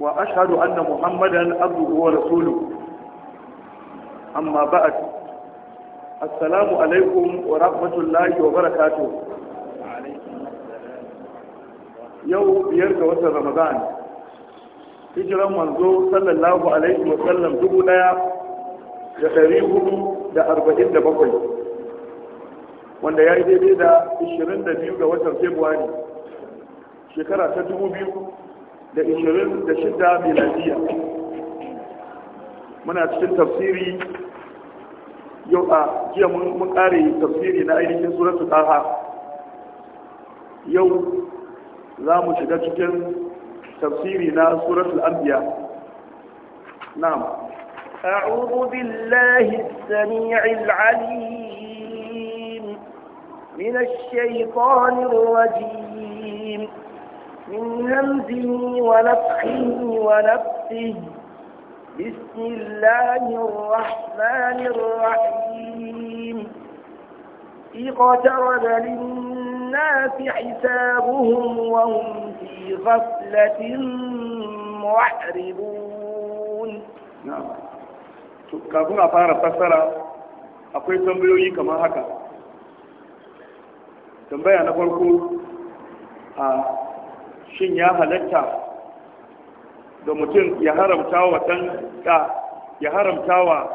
وأشهد أن محمدا عبده ورسوله أما بعد السلام عليكم ورحمة الله وبركاته biyar ga watan Ramadan. hijiran manzo sallallahu alaihi wa sallam dubu daya da ɗari hudu da arba'in da bakwai wanda ya yi daidai da ishirin da biyu ga watan februari shekara ta dubu biyu da 26 miladiya muna cikin tafsiri yau a jiya mun kare tafsiri na ainihin suratul taha yau za mu shiga cikin tafsiri na suratul anbiya na'am أعوذ بالله السميع العليم من الشيطان الرجيم من همزه ونفخه ونفسه بسم الله الرحمن الرحيم اقترب للناس حسابهم وهم في غفلة معرضون نعم kafin a fara fassara akwai tambayoyi kamar haka tambaya na farko a shin ya halatta da mutum ya haramta wa ɗan ɗa ya haramta wa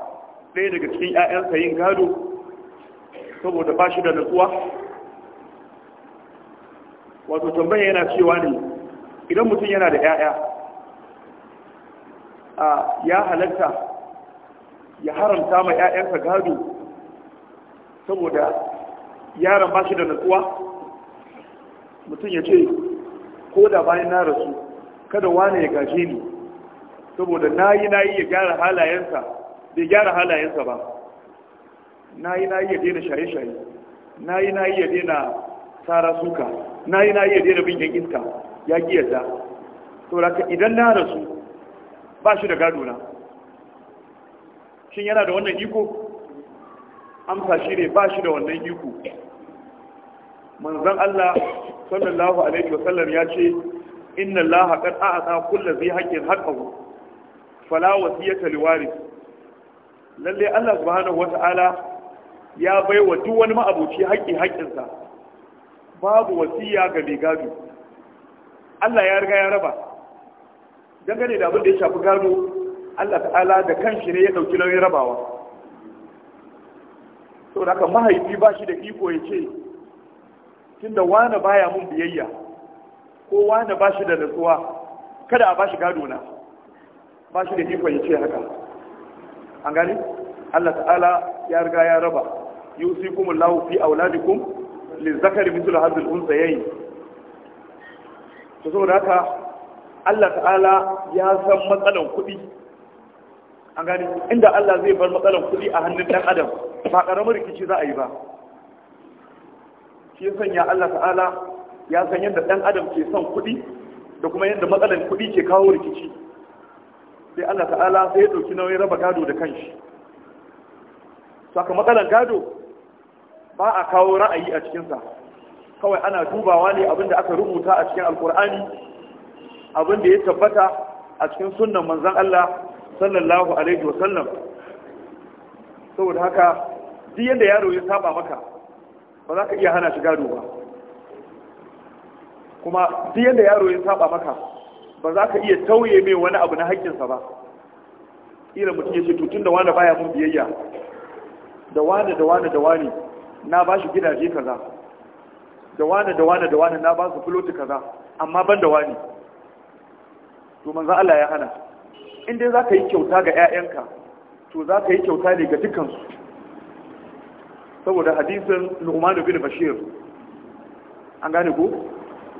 ɗaya daga cikin 'ya'yansa yin gado saboda ba shi da nutsuwa wato tambaya yana cewa ne idan mutum yana da 'ya'ya a ya halatta ya haramta ma 'ya'yansa gado saboda yaron ba shi da nutsuwa mutum ya ce ko da bayan na rasu kada wane ya gaje ni saboda na yi na yi ya gyara halayensa bai gyara halayensa ba na yi na yi ya daina shaye-shaye na yi na yi ya daina tsara suka na yi na yi ya daina bin yan iska ya ƙi yadda ka idan na rasu ba shi da gado na shin yana da wannan iko amsa shi ne ba shi da wannan iko manzon Allah sallallahu alaihi wa sallam ya ce inna Allah qad a'ata kullu zai haqqin haqqahu fala wasiyata liwarith lalle Allah subhanahu wata'ala ya baiwa duk wani ma'abuci haƙƙi sa. babu wasiya ga mai gado Allah ya riga ya raba dangane da abin da ya shafi gado Allah ta'ala da kanshi ne ya ɗauki nauyin rabawa da haka mahaifi ba shi da iko ya ce tunda wane baya mun biyayya ko wane ba shi da nutsuwa, kada a ba shi gado na ba shi da iko ya ce haka an gani Allah ta'ala ya riga ya raba yusikumullahu fi auladikum lizakari mithlu hadhihi al-unthayayn to saboda haka Allah ta'ala ya san matsalan kuɗi an gani inda Allah zai bar matsalan kuɗi a hannun ɗan adam ba ƙaramin rikici za a yi ba shi ya sanya Allah ta'ala ya san yadda ɗan adam ke son kuɗi da kuma yadda matsalar kuɗi ke kawo rikici sai Allah ta'ala sai ya ɗauki nauyin raba gado da kanshi Sakamakon gado ba a kawo ra'ayi a cikinsa kawai ana dubawa ne abin da aka rubuta a cikin alkur'ani abin da ya tabbata a cikin sunan manzan Allah sallallahu alaihi wasallam saboda haka duk yadda yaro ya saba maka ba za ka iya hana shi gado ba kuma duk yadda yaro ya saba maka ba za ka iya tauye mai wani abu na haƙƙinsa ba ila mutum ya ce tutun da wani baya mun biyayya da wani da wani da wani na ba shi gidaje kaza da wani da wani da wani na ba su filoti kaza amma ban da wani to manzo Allah ya hana in dai za ka yi kyauta ga 'ya'yanka to za ka yi kyauta ne ga dukansu saboda hadisin Nu'man bin Bashir an gane ku?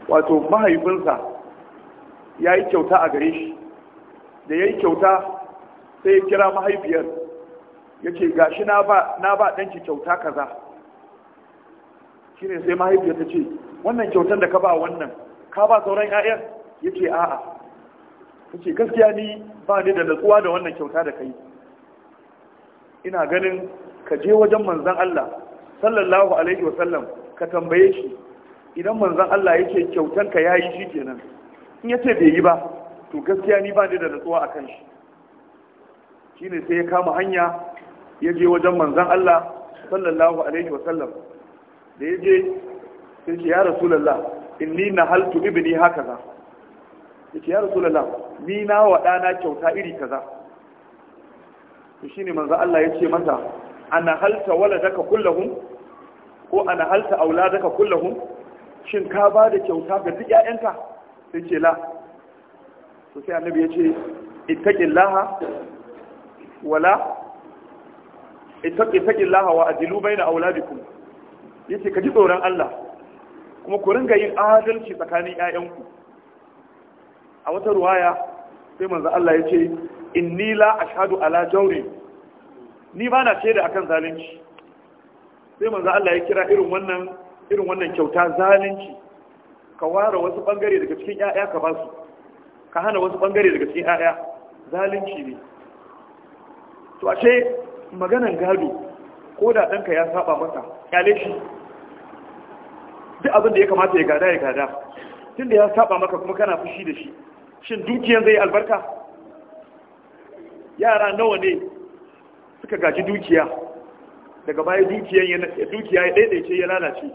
wato mahaifinsa ya yi kyauta a gare shi da ya yi kyauta sai ya kira mahaifiyar ce gashi na ba na ba kyauta kaza ne sai mahaifiyar ta ce wannan kyautar da ka ba wannan ka ba sauran 'ya'yan ce a'a ce gaskiya ni ba ni da natsuwa da wannan kyauta da kai ina ganin ka je wajen manzan Allah sallallahu alaihi wasallam ka tambaye shi idan manzan Allah yake kyautan ka yayi shi kenan in yace bai yi ba to gaskiya ni ba ni da natsuwa akan shi shine sai ya kama hanya ya je wajen manzan Allah sallallahu alaihi wasallam da ya je sai ce ya rasulullah inni nahaltu ibni hakaza yace ya rasulullah ni na wa dana kyauta iri kaza to shine manzo Allah ya ce masa ana halta waladaka kullahum ko ana halta auladaka kullahum shin ka ba da kyauta ga duk ƴaƴanka sai ce la to sai annabi ya ce ittaqillaha wala ittaqillaha wa ajilu baina auladikum yace ka ji tsoron Allah kuma ku ringa yin adalci tsakanin ƴaƴanku a wata ruwaya sai manzo Allah ya ce inni la ashhadu ala jawri ni ba na shaida akan zalunci sai manzo Allah ya kira irin wannan irin wannan kyauta zalunci ka ware wasu bangare daga cikin ƴaƴa ka ba su ka hana wasu bangare daga cikin ƴaƴa zalunci ne to ashe maganan gado ko da ɗanka ya saba maka? kyale shi duk abin da ya kamata ya gada ya gada tun da ya saba maka kuma kana fushi da shi shin dukiyan zai albarka yara nawa ne suka gaji dukiya daga baya dukiya ya daidaice ya lalace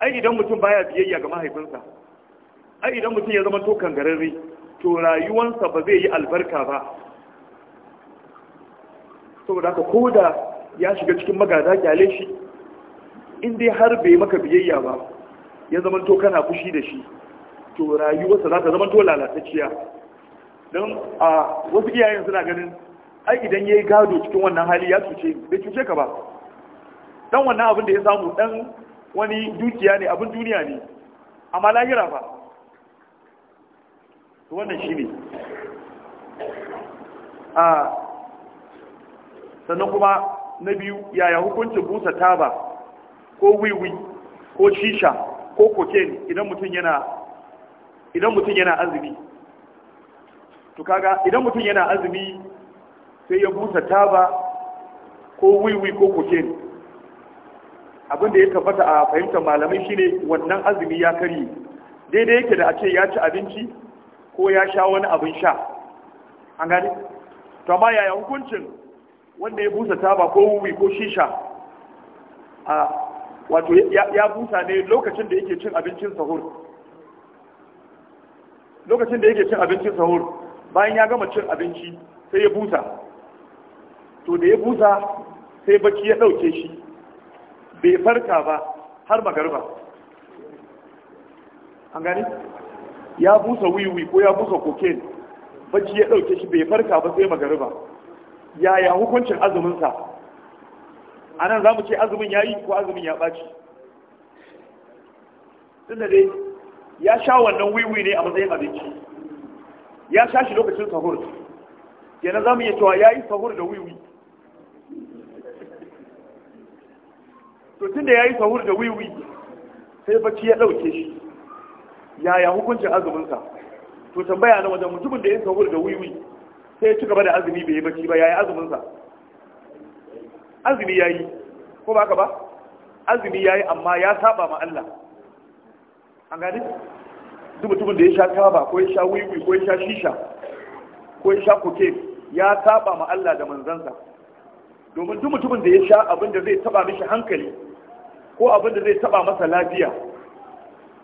ai idan mutum baya biyayya ga mahaifinsa ai idan mutum ya zama tokan kangararre to rayuwansa ba zai yi albarka ba saboda ka ko da ya shiga cikin magada kyale shi in dai har bai maka biyayya ba ya zama to kana fushi da shi to rayuwarsa za ta zama to lalatacciya don a wasu iyayen suna ganin ai idan yayi gado cikin wannan hali ya cuce bai cuce ka ba dan wannan abin da ya samu dan wani dukiya ne abin duniya ne amma lahira fa to wannan shi a sannan kuma na biyu yaya hukuncin busa taba ko wiwi ko shisha ko cocaine idan mutum yana azumi to kaga idan mutum yana azumi sai ya busa taba ko wiwi ko kuke abin da ya tabbata a fahimtar malamai shine wannan azumi ya karye daidai yake da a ce ya ci abinci ko ya sha wani abin sha an gani to amma yaya hukuncin wanda ya busa taba ko wiwi ko shisha a wato ya busa ne lokacin da yake cin abincin sahur lokacin da yake cin abincin sahur bayan ya gama cin abinci sai ya busa to da ya busa sai baki ya ɗauke shi bai farka ba har magarba an gani ya busa wiwi ko ya busa cocaine baki ya ɗauke shi bai farka ba sai magarba yaya hukuncin azuminsa a nan za mu ce azumin ya yi ko azumin ya ɓaci tunda dai ya sha wannan wiwi ne a matsayin abinci ya sha shi lokacin sahur yana za mu iya cewa ya yi sahur da wiwi to ya yi sahur da wiwi sai bacci ya dauke shi yaya hukuncin azumin sa to tambaya na wajen mutumin da ya yi sahur da wiwi sai ya ci gaba da azumi bai yi bacci ba yaya azumin sa azumi yayi ko ba ka ba azumi yayi amma ya saba ma Allah an gani duk mutumin da ya sha taba ko ya sha wiwi ko ya sha shisha ko ya sha koke ya saba ma Allah da manzansa domin duk mutumin da ya sha abin da zai taba mishi hankali ko abin da zai taba masa lafiya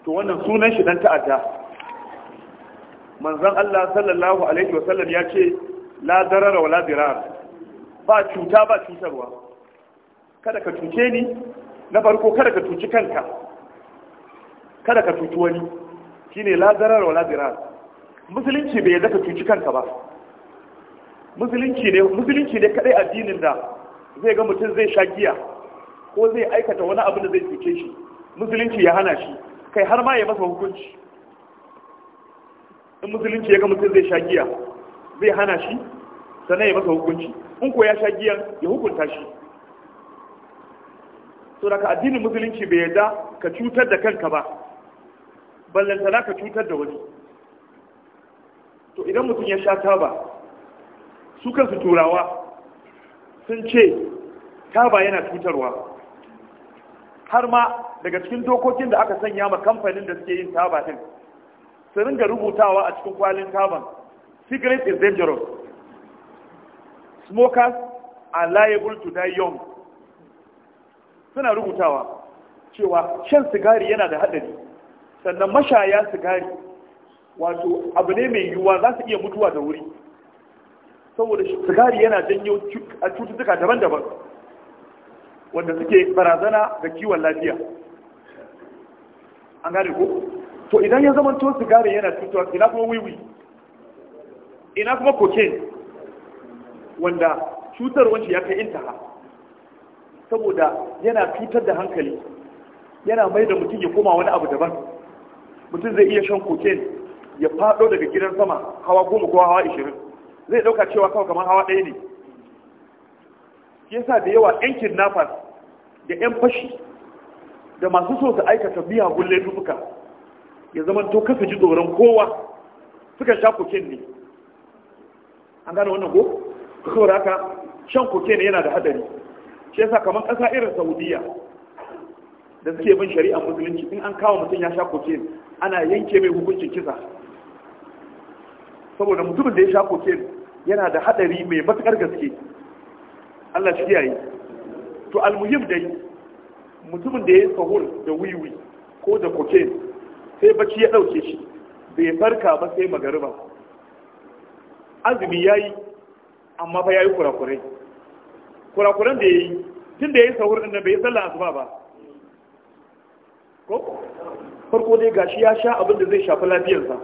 to wannan sunan shi dan ta'adda manzon Allah sallallahu alaihi wasallam ya ce la darara wala dirar ba cuta ba cutarwa kada ka tuce ni na farko kada ka cuci kanka kada ka cuci wani shine la darara wala dirar musulunci bai yadda ka cuci kanka ba musulunci ne musulunci ne kadai addinin da zai ga mutum zai sha giya ko zai aikata wani abu da zai cuce shi musulunci ya hana shi kai har ma ya masa hukunci in musulunci ya ga mutum zai sha giya zai hana shi sannan ya masa hukunci in ko ya sha giyan ya hukunta shi so daga addinin musulunci bai yarda ka cutar da kanka ba ballantana ka cutar da wani to idan mutum ya sha taba su kansu turawa sun ce taba yana cutarwa har ma daga cikin dokokin da aka sanya ma kamfanin da suke yin taba din su ringa rubutawa a cikin kwalin taban cigarette is dangerous smokers are liable to die young suna rubutawa cewa shan sigari yana da haɗari sannan mashaya sigari wato abu ne mai yiwuwa za su iya mutuwa da wuri saboda sigari yana janyo a cututtuka daban-daban wanda suke barazana ga kiwon lafiya an gane ko to idan ya zama to sigari yana cutuwa ina kuma wiwi ina kuma cocaine wanda cutar wanci ya kai intaha saboda yana cutar da hankali yana mai da mutum ya koma wani abu daban mutum zai iya shan cocaine ya fado daga gidan sama hawa goma ko hawa ishirin zai dauka cewa kawai kamar hawa ɗaya ne yasa da yawa yan kidnappers da 'yan fashi da masu so su aikata biya gulle dubuka ya zama to kasa ji tsoron kowa suka sha koken ne an gane wannan ko saboda haka shan koken yana da hadari shi yasa kamar ƙasa irin saudiya da suke bin shari'a musulunci in an kawo mutum ya sha koken ana yanke mai hukuncin kisa saboda mutumin da ya sha koken yana da hadari mai matuƙar gaske Allah shi yayi to almuhim dai mutumin da ya yi sahur da wiwi ko da koke sai bacci ya ɗauke shi bai farka ba sai magariba azumi ya yi amma fa ya yi kurakurai kurakuran da ya yi tun da ya yi sahur ɗin bai yi sallah asuba ba ko farko dai gashi ya sha abin da zai shafi lafiyarsa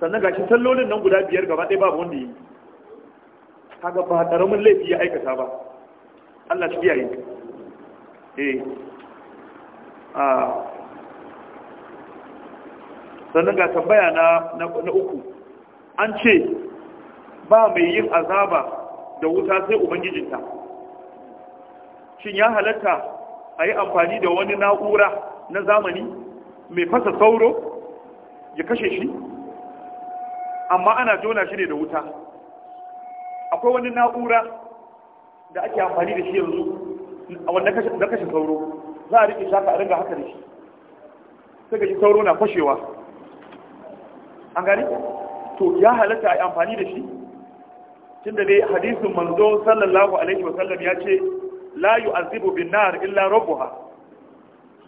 sannan gashi sallolin nan guda biyar gaba ɗaya babu wanda ya yi kaga ba ƙaramin laifi ya aikata ba Allah shi kiyaye eh ah sannan ga tambaya na na uku an ce ba mai yin azaba da wuta sai ubangijinta shin ya halatta a yi amfani da wani na'ura na zamani mai fasa sauro ya kashe shi amma ana jona shi ne da wuta akwai wani na'ura da ake amfani da shi yanzu a wannan na kashe sauro za a rike shaka a ringa haka da shi sai ga sauro na fashewa an gani to ya halatta a yi amfani da shi tun dai hadisin manzo sallallahu alaihi wa sallam ya ce layu yu'azibu bin nar illa rabbuha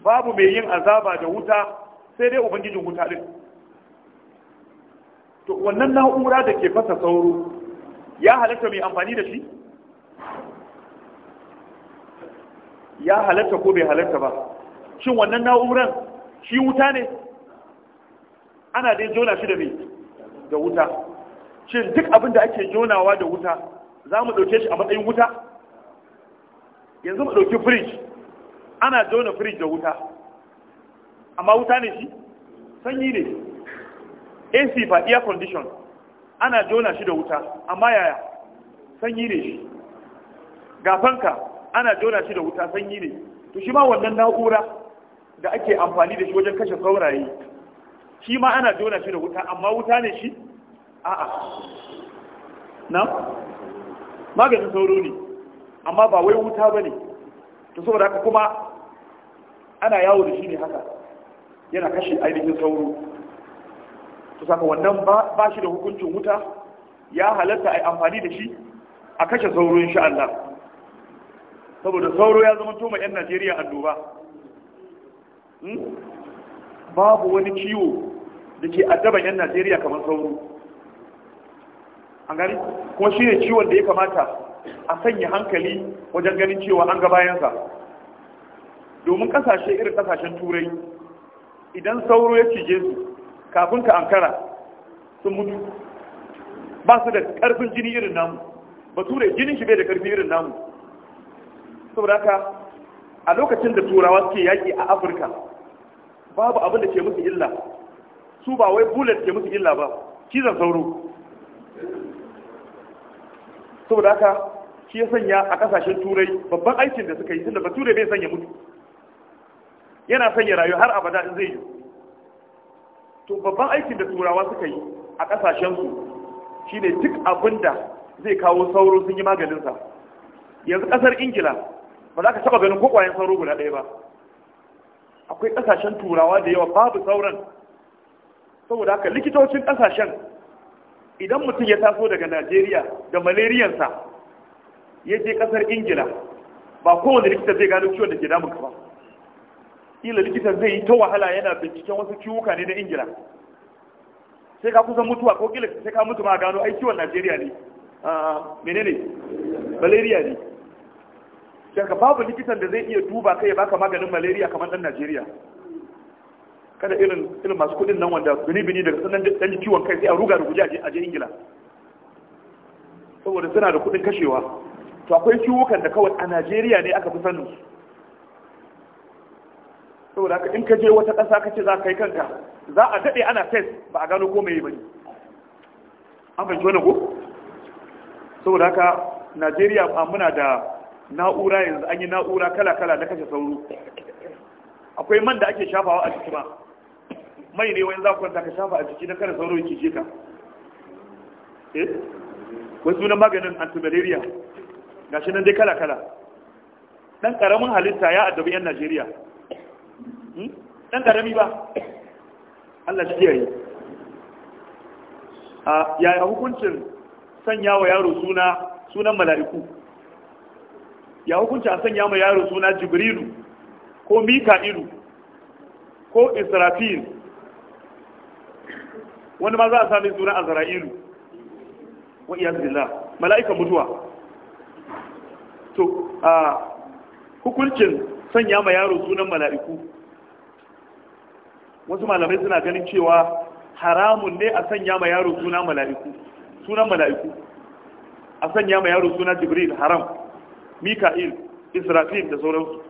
babu mai yin azaba da wuta sai dai ubangijin wuta din to wannan na'ura da ke fasa sauro ya halatta mai amfani da shi ya halatta ko bai halatta ba shin wannan na'uran shi wuta ne ana dai jona shi da mai da wuta shin duk abin da ake jonawa da wuta za mu ɗauke shi a matsayin wuta yanzu mu ɗauki firij ana jona firij da wuta amma wuta ne shi sanyi ne ac ba air condition ana jona shi da wuta amma yaya sanyi ne shi ga fanka ana jona shi da wuta sanyi ne to shi ma wannan na'ura da ake amfani da shi wajen kashe saurayi shi ma ana jona shi da wuta amma wuta ne shi a'a na maganin sauro ne amma ba wai wuta ba ne to saboda haka kuma ana yawo da shi ne haka yana kashe ainihin sauro to saka wannan ba shi da hukuncin wuta ya halatta a amfani da shi a kashe sauro insha Allah saboda sauro ya zama toma 'yan najeriya annoba hmm? babu wani ciwo da ke addaban 'yan najeriya kamar sauro an gani kuma shi ne ciwon da ya kamata a sanya hankali wajen ganin cewa an gabayansa domin kasashe irin kasashen turai idan sauro ya cije su kafin ka ankara sun mutu ba su da karfin jini irin namu ba turai jinin shi bai da karfi irin namu saboda haka a lokacin da turawa suke yaƙi a afirka babu abin da ke musu illa su ba wai bullet ke musu illa ba cizon sauro saboda haka shi ya sanya a kasashen turai babban aikin da suka yi tun ba bature bai sanya mutu yana sanya rayu har abada in zai yi to babban aikin da turawa suka yi a shi ne duk abin da zai kawo sauro sun yi maganinsa yanzu kasar ingila ba za ka taba ganin ko kwayan sauro guda ɗaya ba akwai ƙasashen turawa da yawa babu sauran saboda haka likitocin ƙasashen idan mutum ya taso daga najeriya da malariyansa ya je ƙasar ingila ba kowane likita zai gano ciwon da ke damunka ba ila likitan zai yi ta wahala yana binciken wasu ciwuka ne na ingila sai ka kusan mutuwa ko kila sai ka mutu ma gano ai ciwon najeriya ne menene maleriya ne daga babu likitan da zai iya duba kai ya baka maganin malaria kamar ɗan najeriya kada irin irin masu kuɗin nan wanda bini-bini daga sanan dan ciwon kai sai a ruga da guje a je ingila saboda suna da kuɗin kashewa to akwai ciwukan da kawai a najeriya ne aka fi sanin su saboda haka in ka je wata ƙasa ka ce za ka kai kanka za a daɗe ana test ba a gano ko yi ba ne an fahimci wani ko saboda haka najeriya muna da na'ura yanzu an yi na'ura kala-kala na kashe sauro akwai man da ake shafawa a jiki ma mai ne wani za kwanta ka shafa a jiki na kare sauro yake ka? eh wasu na maganin antimalaria gashi nan dai kala-kala dan karamin halitta ya addabi yan Najeriya dan hmm? karami ba Allah shi yayi a yaya hukuncin sanya wa yaro suna sunan mala'iku ya hukunci a sanya mai yaro suna jibrilu ko mika'ilu ko israfil wani ma za a sami suna azra'ilu wa iyazillah mala'ikan mutuwa to a hukuncin sanya mai yaro sunan mala'iku wasu malamai suna ganin cewa haramun ne a sanya mai yaro sunan mala'iku sunan mala'iku a sanya mai yaro sunan jibril haram mika'il israfil da sauransu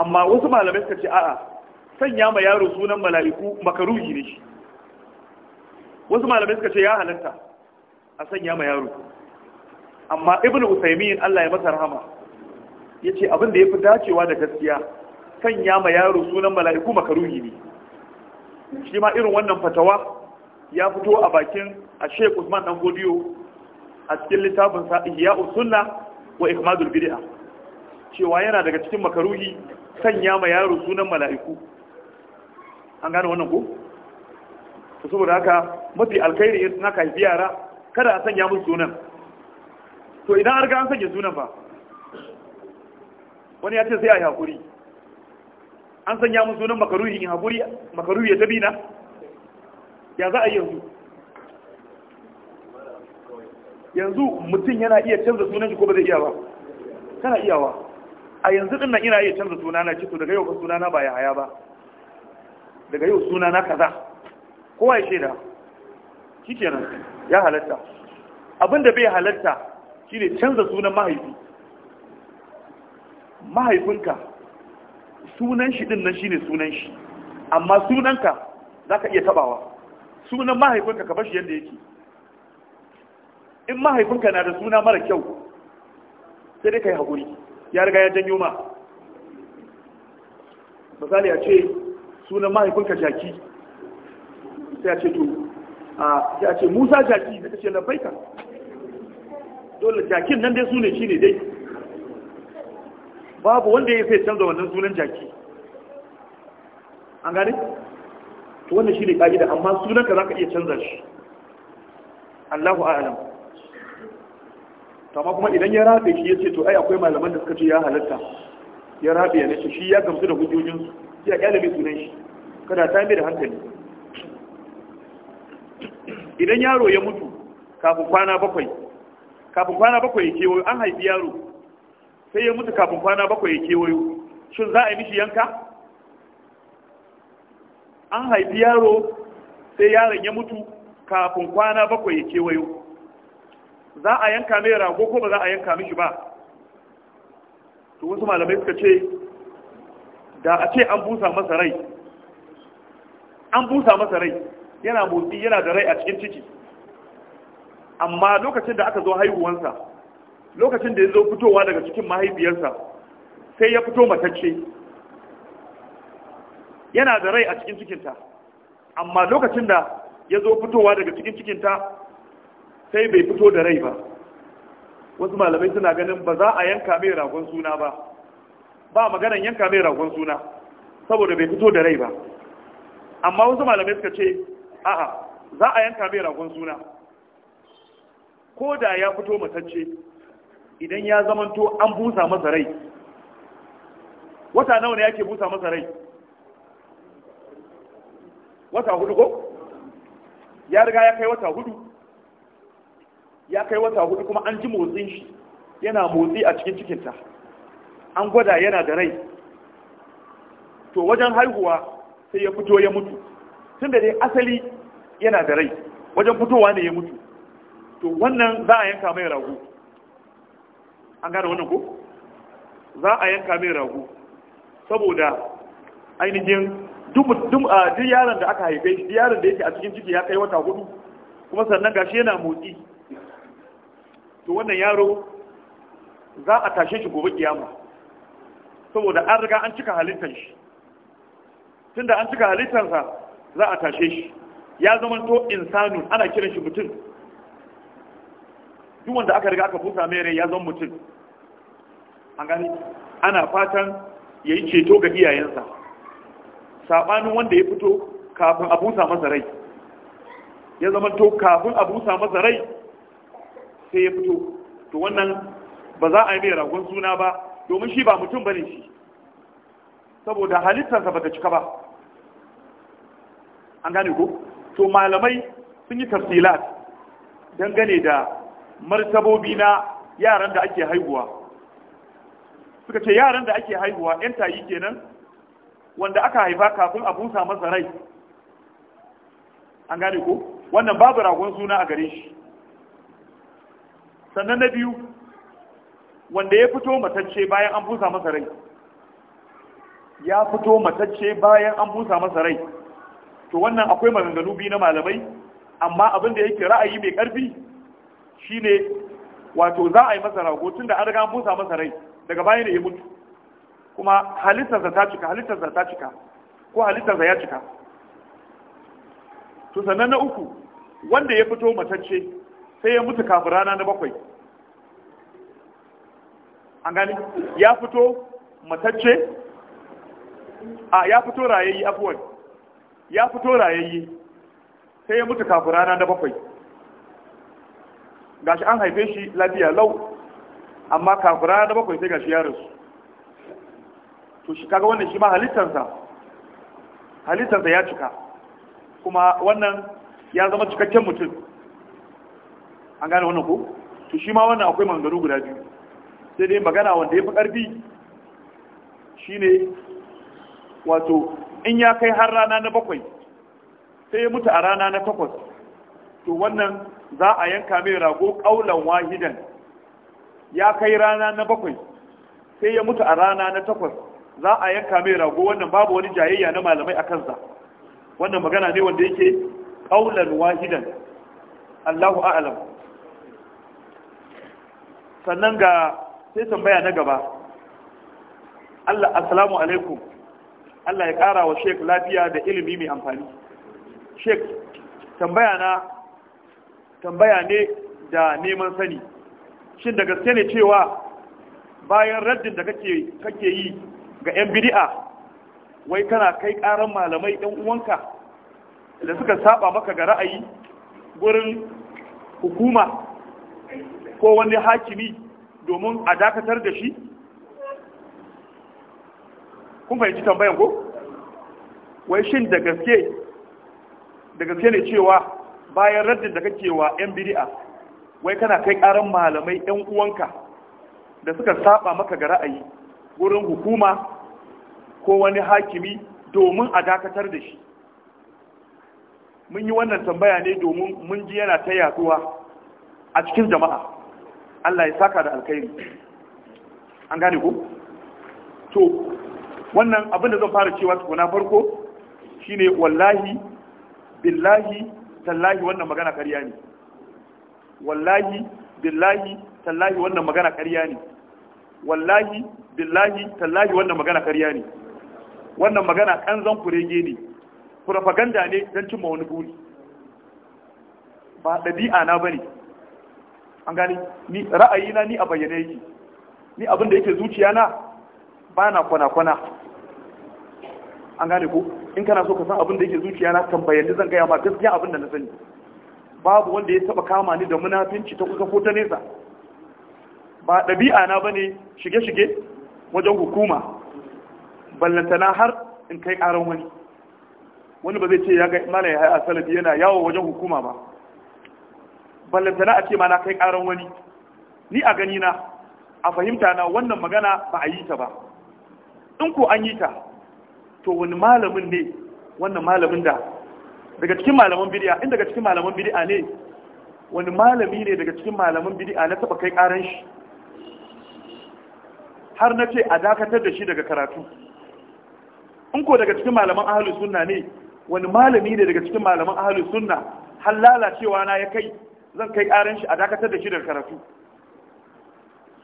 amma wasu malamai suka ce a'a sanya ma yaro sunan mala'iku makaruhi ne shi wasu malamai suka ce ya halatta a sanya ma yaro amma ibn usaymin Allah ya masa rahama yace abin da yafi dacewa da gaskiya sanya ma yaro sunan mala'iku makaruhi ne shi ma irin wannan fatawa ya fito a bakin a Sheikh Usman Dangodiyo a cikin littafin sa Ihya'us Sunna wa ikmadul bid'a cewa yana daga cikin makaruhi sanya ma yaro sunan mala'iku an gane wannan ko to saboda haka mafi alkhairi in naka haifi yara kada a sanya musu sunan to idan har ga an sanya sunan fa wani ya ce sai a yi hakuri an sanya musu sunan makaruhi in hakuri makaruhi ya tabina na ya za a yi yanzu yanzu mutum yana iya canza sunan shi ko ba zai iya ba kana iyawa a yanzu din nan ina iya canza sunana ci to daga yau ba sunana ba ya haya ba daga yau sunana kaza kowa ya shaida shikenan ya halatta da bai halatta shine canza sunan mahaifi mahaifinka sunan shi din nan shine sunan shi amma sunanka zaka iya tabawa sunan mahaifinka ka bar shi yadda yake in mahaifinka na da suna mara kyau sai dai ka yi haƙuri ya riga ya janyo ma misali a ce sunan mahaifinka jaki sai a ce to a ya ce musa jaki da ta ce labbaika dole jakin nan dai su ne shi ne dai babu wanda ya sai canza wannan sunan jaki an gane? to wannan shi ne ƙa'ida amma sunanka za ka iya canza shi Allahu a'alam amma kuma idan ya rabe shi ya ce to ai akwai malaman da suka ce ya halatta ya rabe ya nace shi ya gamsu da hujjojin sai ya kalle sunan shi kada ta mai da hankali idan yaro ya mutu kafin kwana bakwai kafin kwana bakwai ya kewayo an haifi yaro sai ya mutu kafin kwana bakwai ya kewayo shin za a yi mishi yanka an haifi yaro sai yaron ya mutu kafin kwana bakwai ya kewayo za a yanka mai rago ko ba za a yanka mishi ba to wasu malamai suka ce da a ce an busa masa rai an busa masa rai yana motsi yana da rai a cikin ciki amma lokacin da aka zo haihuwansa lokacin da ya zo fitowa daga cikin mahaifiyarsa sai ya fito matacce yana da rai a cikin cikinta amma lokacin da ya zo fitowa daga cikin cikinta sai bai fito da rai ba wasu malamai suna ganin ba za a yanka mai ragon suna ba ba maganan yanka mai ragon suna saboda bai fito da rai ba amma wasu malamai suka ce a'a za a yanka mai ragon suna ko da ya fito matacce idan ya zamanto an busa masa rai wata nawa ne yake busa masa rai wata hudu ko ya riga ya kai wata hudu ya kai wata hudu kuma an ji motsin shi yana motsi a cikin cikinta an gwada yana da rai to wajen haihuwa sai ya fito ya mutu tun da dai asali yana da rai wajen fitowa ne ya mutu to wannan za a yanka mai ragu. an gane wannan ko za a yanka mai ragu. saboda ainihin ah, duk yaron da aka haife shi yaron da yake a cikin ciki ya kai wata hudu kuma sannan gashi yana motsi to wannan yaro za a tashe shi gobe kiyama saboda an riga an cika halittar shi tunda an cika halittarsa za a tashe shi ya zama to insanu ana kiran shi mutum duk wanda aka riga aka fusa mai rai ya zama mutum an gani ana fatan ya yi ceto ga iyayensa saɓanin wanda ya fito kafin a busa masa rai ya zama to kafin a busa masa rai sai ya fito to wannan ba za a yi mai ragon suna ba domin shi ba mutum bane shi saboda halittarsa ba ta cika ba an gane ko to malamai sun yi tafsilat dangane da martabobi na yaran da ake haihuwa suka ce yaran da ake haihuwa 'yan tayi kenan wanda aka haifa kafin a busa masa rai an gane ko wannan babu ragon suna a gare shi sannan na biyu wanda ya fito matacce bayan an busa masa rai ya fito matacce bayan an busa masa rai to wannan akwai maganganu biyu na malamai amma abin da yake ra'ayi mai karfi shine wato za a yi masa rago tunda an riga an busa masa rai daga bayan da ya mutu kuma halittarsa ta cika halittarsa ta cika ko halittarsa ya cika to sannan na uku wanda ya fito matacce sai ya mutu kafin rana na bakwai an gani ya fito matacce a ya fito rayayyi afuwan ya fito rayayyi sai ya mutu kafin rana da bakwai gashi an haife shi lafiya lau amma kafin rana da bakwai sai gashi yaro to shi kaga wannan shi ma halittarsa halittarsa ya cika kuma wannan ya zama cikakken mutum an gane wannan ko to shi ma wannan akwai mangaru guda biyu sai dai magana wanda ya fi ƙarfi shine wato in ya kai har rana na bakwai sai ya mutu a rana na takwas to wannan za a yanka mai rago ƙaulan wahidan ya kai rana na bakwai sai ya mutu a rana na takwas za a yanka mai rago wannan babu wani jayayya na malamai a kansa wannan magana ne wanda yake ƙaulan wahidan Allahu a'alam sannan ga sai tambaya na gaba Allah assalamu alaikum Allah ya kara wa sheik lafiya da ilimi mai amfani sheik tambaya na tambaya ne da neman sani shin da gaske ne cewa bayan raddin da kake kake yi ga yan bid'a wai kana kai karan malamai ɗan uwanka da suka saba maka ga ra'ayi gurin hukuma ko wani hakimi domin a dakatar da shi kun fahimci tambayan ko wai shin da gaske da gaske ne cewa bayan raddin da kake wa yan biri'a? wai kana kai karan malamai yan uwanka da suka saba maka ga ra'ayi wurin hukuma ko wani hakimi domin a dakatar da shi mun yi wannan tambaya ne domin mun ji yana ta yaduwa a cikin jama'a Allah ya saka da alkhairi an gane ku to wannan abin da zan fara cewa tukuna farko shine wallahi billahi tallahi wannan magana ƙarya ne wallahi billahi tallahi wannan magana ƙarya ne wallahi billahi tallahi wannan magana ƙarya ne wannan magana zan kurege ne propaganda ne don cimma wani buri ba ɗabi'a na bane an gani ni ra'ayina ni a bayyane yake ni abin da yake zuciya na ba na kwana-kwana an gane ko in kana so ka san abin da yake zuciya na kan bayyane zan gaya ba gaskiya abin da na sani babu wanda ya taba kama ni da munafinci ta kusa ko ta nesa ba ɗabi'a na bane shige-shige wajen hukuma ballantana har in kai ƙaran wani wani ba zai ce ya ga mana ya haya salafi yana yawo wajen hukuma ba ballantana a ce ma na kai karan wani ni a gani na a fahimta na wannan magana ba a yi ta ba in ko an yi ta to wani malamin ne wannan malamin da daga cikin malaman bidi'a in daga cikin malaman bidi'a ne wani malami ne daga cikin malaman bidi'a na taba kai karan shi har na ce a dakatar da shi daga karatu in ko daga cikin malaman ahlus sunna ne wani malami ne daga cikin malaman ahlus sunna har lalacewa na ya kai zan kai ƙaran shi a dakatar da shi daga karatu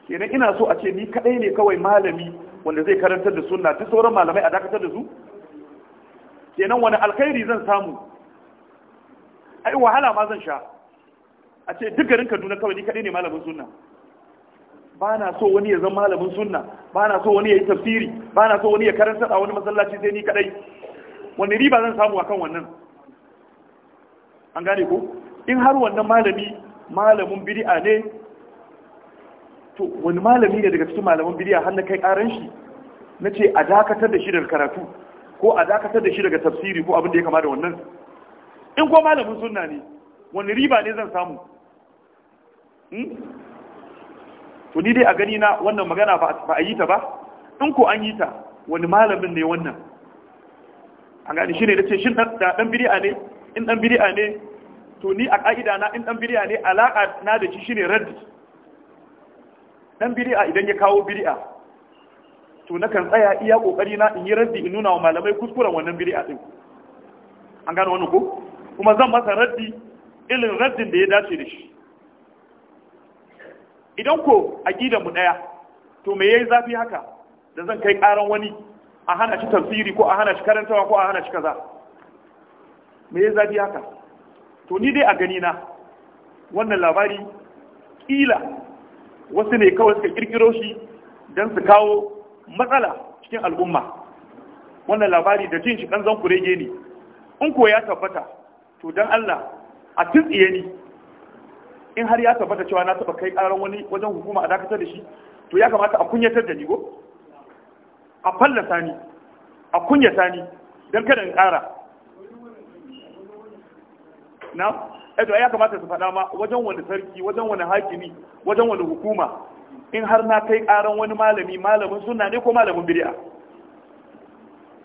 kenan ina so a ce ni kadai ne kawai malami wanda zai karantar da sunna ta sauran malamai a dakatar da su kenan wani alkhairi zan samu ai wahala ma zan sha a ce duk garin kaduna kawai ni kadai ne malamin sunna ba na so wani ya zama malamin sunna ba na so wani ya yi tafsiri ba na so wani ya karanta a wani masallaci sai ni kadai. wani riba zan samu akan wannan an gane ko in har wannan malami malamin bid'a ne to wani malami ne daga cikin malaman bid'a har na kai karan shi nace a dakatar da shi daga karatu ko a dakatar da shi daga tafsiri ko abin da ya kama da wannan in ko malamin sunna ne wani riba ne zan samu hmm? to ni dai a gani na wannan magana ba a yi ta ba in ko an yi ta wani malamin ne wannan an gani shi ne da ce shi ɗan biri'a ne in ɗan bid'a ne to ni a ka'ida na in dan bid'a ne alaka na da shi shine raddi dan bid'a idan ya kawo bid'a to na kan tsaya iya kokari na in yi raddi in nuna wa malamai kuskuren wannan bid'a din an gano wani ko kuma zan masa raddi ilin raddin da ya dace da shi idan ko aqidar mu daya to me yayi zafi haka da zan kai karan wani a hana shi tafsiri ko a hana shi karantawa ko a hana shi kaza me yayi zafi haka to ni dai a gani na wannan labari kila wasu ne kawai suka kirkiro shi don su kawo matsala cikin al'umma wannan labari da jin shi kanzon kurege ne in ko ya tabbata to don Allah a tuntsiye ni in har ya tabbata cewa na taba kai karan wani wajen hukuma a dakatar da shi to ya kamata a kunyatar da ni go a fallasa ni a kunyata ni don kada in kara na eto eh, ya kamata su faɗa ma wajen wani sarki wajen wani hakimi wajen wani hukuma in har na kai ƙaran wani malami malamin sunna ne ko malamin bid'a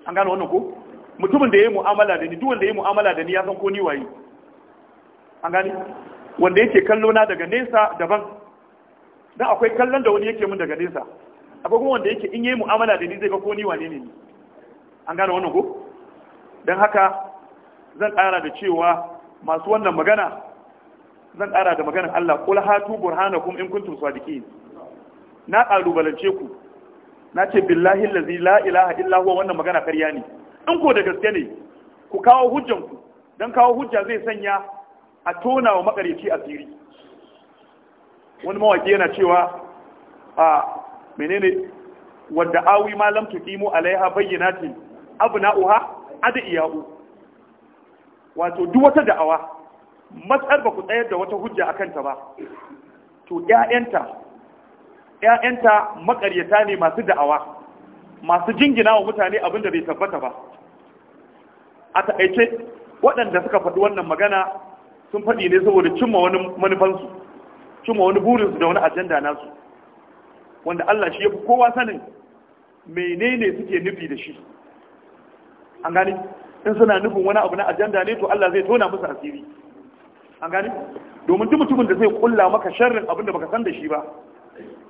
an gano wannan ko mutumin da yayi mu'amala da ni duk wanda yayi mu'amala da ni ya san ko ni waye an gane wanda yake kallo na daga nesa daban dan akwai kallon da wani yake mun daga nesa akwai kuma wanda yake in yayi mu'amala da ni zai ga ko ni wane ne ni an gane wannan ko dan haka zan ƙara da cewa masu wannan magana zan ƙara da maganar Allah ƙula hatu burhanakum in kuntum sadiqin na balance ku na ce billahi lazi la ilaha illa huwa wannan magana ƙarya ne in ko da gaske ne ku kawo hujjan ku dan kawo hujja zai sanya a tona wa makareci asiri wani mawaki yana cewa a menene wadda awi ma lam tuqimu alaiha bayyinatin ada adiya'u wato duk wata da'awa matsar ba ku tsayar da wata hujja a kanta ba to ‘ya'yanta ‘ya'yanta makaryata ne masu da'awa masu jingina wa mutane abin da bai tabbata ba a taƙaice waɗanda suka faɗi wannan magana sun faɗi ne saboda cimma wani manufansu cimma wani burinsu da wani ajanda nasu wanda Allah shi ya fi kowa sanin menene suke nufi da shi an gani in suna nufin wani abu na ajanda ne to Allah zai tona musu asiri an gani domin duk mutumin da zai kulla maka sharrin abin da baka san da shi ba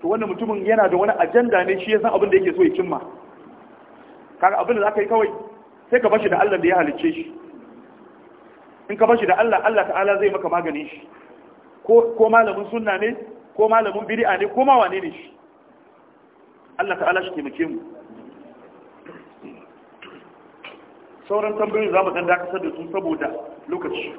to wannan mutumin yana da wani ajanda ne shi ya san abin da yake so ya cimma kaga abin da zaka yi kawai sai ka bashi da Allah da ya halicce shi in ka bashi da Allah Allah ta'ala zai maka maganin shi ko ko malamin sunna ne ko malamin bid'a ne ko ma wane ne shi Allah ta'ala shi taimake mu sauran tambayoyin za mu dan dakatar da su saboda lokaci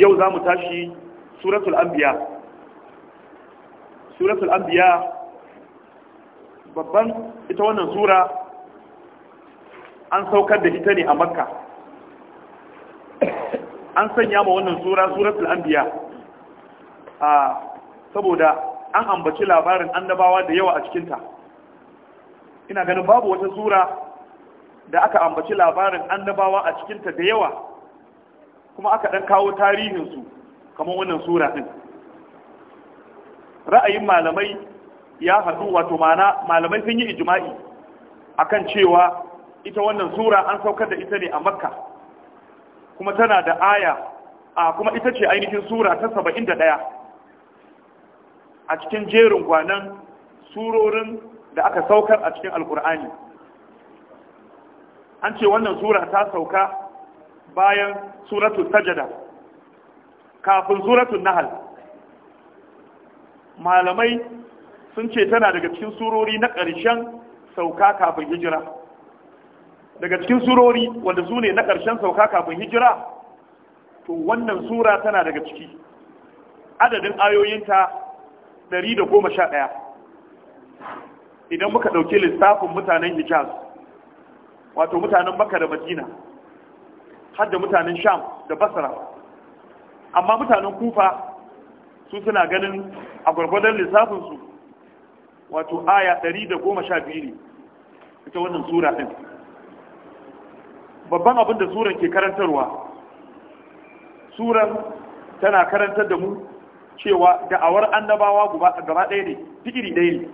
yau za mu tashi suratul anbiya suratul anbiya babban ita wannan sura an saukar da ita ne a makka an sanya ma wannan sura suratul anbiya a saboda an ambaci labarin annabawa da yawa a cikinta ina ganin babu wata sura da aka ambaci labarin annabawa a cikinta da yawa kuma aka ɗan kawo tarihinsu kamar wannan sura ɗin ra'ayin malamai ya haɗu wato mana malamai sun yi ijma'i akan cewa ita wannan sura an saukar da ita ne a makka kuma tana da aya a kuma ita ce ainihin sura ta saba'in da ɗaya a cikin jerin kwanan surorin da aka saukar a cikin alkur'ani an ce wannan sura ta sauka bayan suratul sajada kafin suratun nahal malamai sun ce tana daga cikin surori na ƙarshen sauka kafin hijira daga cikin surori wanda su ne na ƙarshen sauka kafin hijira to wannan sura tana daga ciki adadin ayoyinta ɗaya. idan muka ɗauki lissafin mutanen hijaz wato mutanen makka da madina har da mutanen sham da basra amma mutanen kufa su suna ganin a gwargwadon lissafinsu wato aya 112 ne ita wannan tsura ɗin babban abin da suran ke karantarwa tsuran tana karantar da mu cewa da'awar annabawa gaba ɗaya ne iri ɗaya ne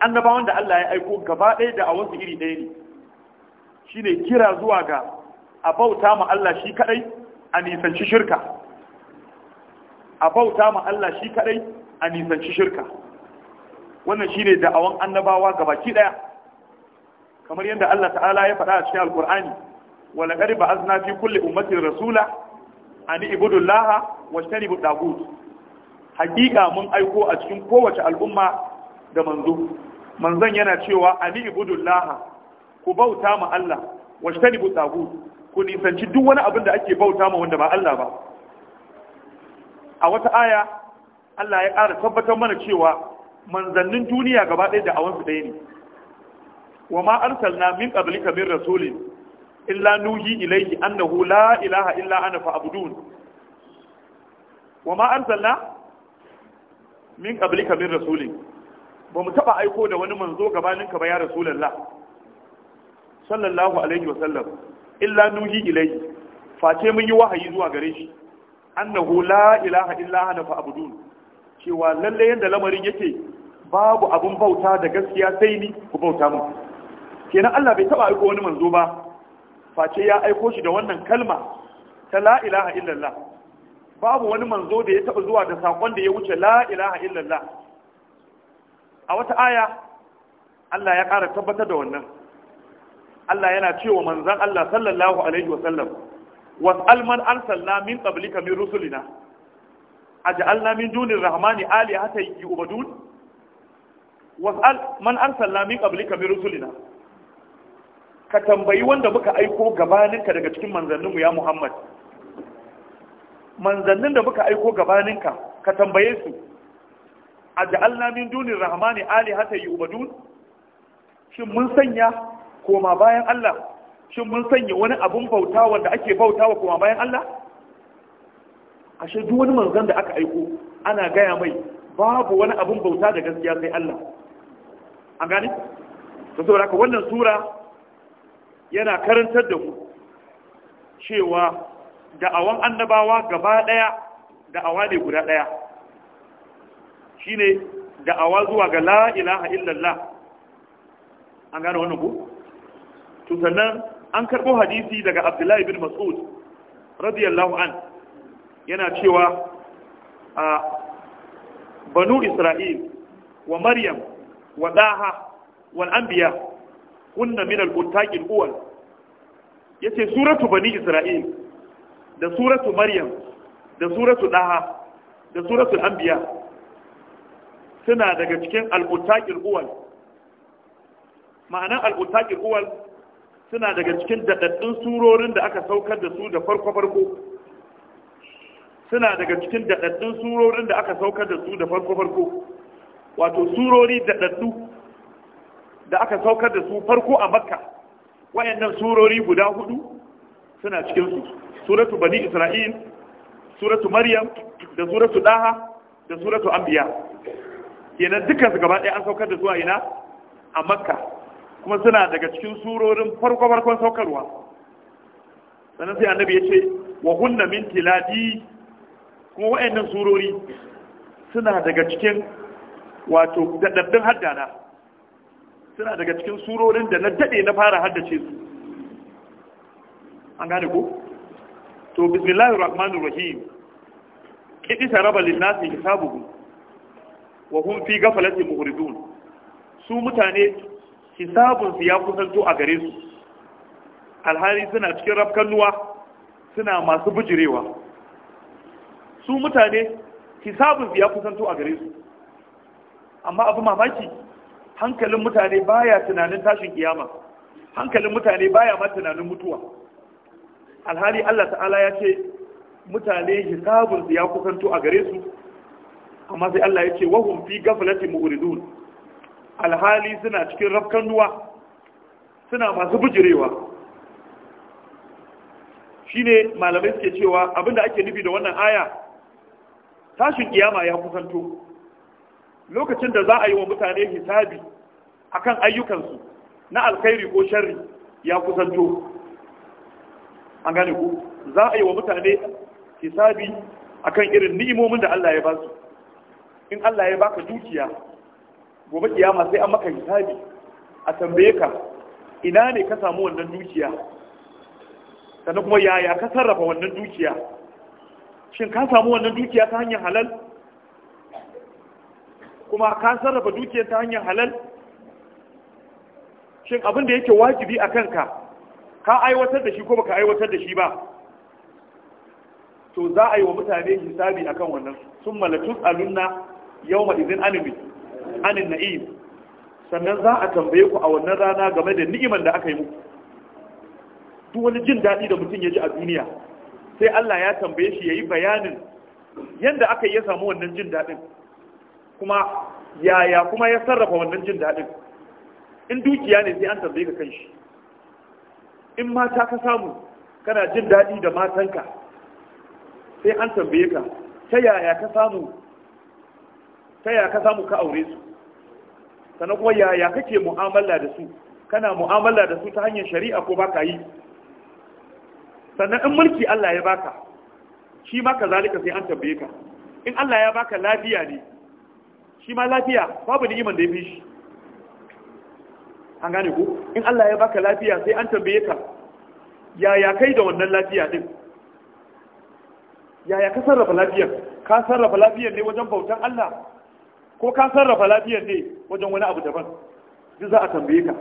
annabawan da Allah ya aiko gaba ɗaya da'awar su iri ɗaya ne shi ne kira zuwa ga a bauta ma Allah shi kaɗai a nisanci shirka a bauta ma Allah shi kaɗai a nisanci shirka wannan shine da'awan annabawa baki daya kamar yadda Allah ta'ala ya faɗa a cikin alkur'ani wala ba ba'athna fi kulle ummatin rasula an ibudu llaha wajtanibu tagut Haƙiƙa mun aiko a cikin kowace al'umma da manzo manzon yana cewa an ibudu ku bauta ma Allah wajtanibu tagut ku nisanci duk wani abin da ake bauta ma wanda ba Allah ba a wata aya Allah ya ƙara tabbatar mana cewa manzannin duniya gaba ɗaya da awansu ɗaya ne wa ma arsalna min qablika min rasulin illa nuhi ilayhi annahu la ilaha illa ana fa'budun wa ma arsalna min qablika min rasulin ba mu taba aiko da wani manzo gabanin ka ba ya rasulullah sallallahu alaihi wa sallam illa nuhi ilayhi face mun yi wahayi zuwa gare shi annahu la ilaha illa ana fa'budun cewa lalle yanda lamarin yake babu abun bauta da gaskiya sai ni ku bauta mu kenan Allah bai taba aiko wani manzo ba face ya aiko shi da wannan kalma ta la ilaha illallah babu wani manzo da ya taba zuwa da sakon da ya wuce la ilaha illallah a wata aya Allah ya ƙara tabbatar da wannan Allah yana cewa manzon Allah sallallahu alaihi wasallam was'al man arsalna min qablika min rusulina aj'alna min dunir rahmani alihata yu'badun was'al man arsalna min qablika min rusulina ka tambayi wanda muka aiko gabaninka daga cikin manzanninmu ya Muhammad manzannin da muka aiko gabaninka ka tambaye su aj'alna min dunir rahmani alihata yu'badun shin mun sanya koma bayan Allah shin mun sanya wani abun bauta wanda ake bautawa koma bayan Allah ashe duk wani manzon da aka aiko ana gaya mai babu wani abun bauta da gaskiya sai Allah an gane to saboda haka wannan sura yana karantar da ku. cewa da'awan annabawa gaba daya da'awa ne guda daya shine da'awa zuwa ga la ilaha illallah an gane wannan ku. to sannan an karbo hadisi daga Abdullahi bin Mas'ud radiyallahu anhu yana cewa a banu isra'il wa maryam wa daha wal anbiya kunna min al uttaqil uwal yace suratu bani isra'il da suratu maryam da suratu daha da suratu anbiya suna daga cikin al uttaqil uwal ma'anan al uttaqil uwal suna daga cikin dadaddun surorin da aka saukar da su da farko farko suna daga cikin daɗaɗɗun surorin da aka saukar da su da farko-farko wato surori daɗaɗɗu da aka saukar da su farko a makka wayannan surori guda hudu suna cikinsu suratu bani isra'il suratu maryam da suratu daha da suratu anbiya kenan dukkan su gaba ɗaya an saukar da su a ina a makka kuma suna daga cikin surorin farko-farkon saukarwa sannan sai annabi ya ce wa hunna min tiladi kuma wa'annan surori suna daga cikin wato daddabbin haddana suna daga cikin surorin da na daɗe na fara haddace su an gane ko to bismillahir rahmanir rahim kidi saraba lin nasi hisabuhum wa hum fi ghaflatin muhridun su mutane hisabun su ya kusanto a gare su alhali suna cikin rafkannuwa suna masu bujirewa su mutane hisabin ya kusanto a gare su amma abu mamaki hankalin mutane baya tunanin tashin kiyama hankalin mutane baya ma tunanin mutuwa alhali Allah ta'ala ya ce mutane hisabin ya kusanto a gare su amma sai Allah ya ce wahum fi mu mu'ridun alhali suna cikin rafkan ruwa, suna masu bujirewa shine malamai suke cewa abinda ake nufi da wannan aya tashin kiyama ya kusanto lokacin da za a yi wa mutane hisabi akan ayyukansu na alkhairi ko sharri ya kusanto an gane ku za a yi wa mutane hisabi akan irin ni'imomin da Allah ya ba su in Allah ya baka dukiya gobe kiyama sai an maka hisabi a tambaye ka ina ne ka samu wannan dukiya sannan kuma yaya ka sarrafa wannan dukiya shin ka samu wannan dukiya ta hanyar halal kuma ka sarrafa dukiyar ta hanyar halal shin abin da yake wajibi a kanka ka aiwatar da shi ko baka aiwatar da shi ba to za a yi wa mutane hisabi akan wannan sun malatun alunna yau ma'izin animi anin na'im sannan za a tambaye ku a wannan rana game da ni'iman da aka yi muku duk wani jin daɗi da mutum ya ji a duniya sai Allah ya tambaye shi ya yi bayanin yanda aka yi ya samu wannan jin daɗin kuma yaya kuma ya sarrafa wannan jin daɗin in dukiya ne sai an tambaye ka kan shi in mata ka samu kana jin daɗi da matanka sai an tambaye ka ta yaya ka samu ta yaya ka samu ka aure su sannan kuma yaya kake mu'amala da su kana mu'amala da su ta hanyar shari'a ko ba ka yi sannan in mulki Allah ya baka shi ma zalika sai an tambaye ka in Allah ya baka lafiya ne shi ma lafiya babu ni'iman da ya fi shi an gane ku in Allah ya baka lafiya sai an tambaye ka yaya kai da wannan lafiya din yaya ka sarrafa lafiyar ka sarrafa lafiyar ne wajen bautan Allah ko ka sarrafa lafiyar ne wajen wani abu daban duk za a tambaye ka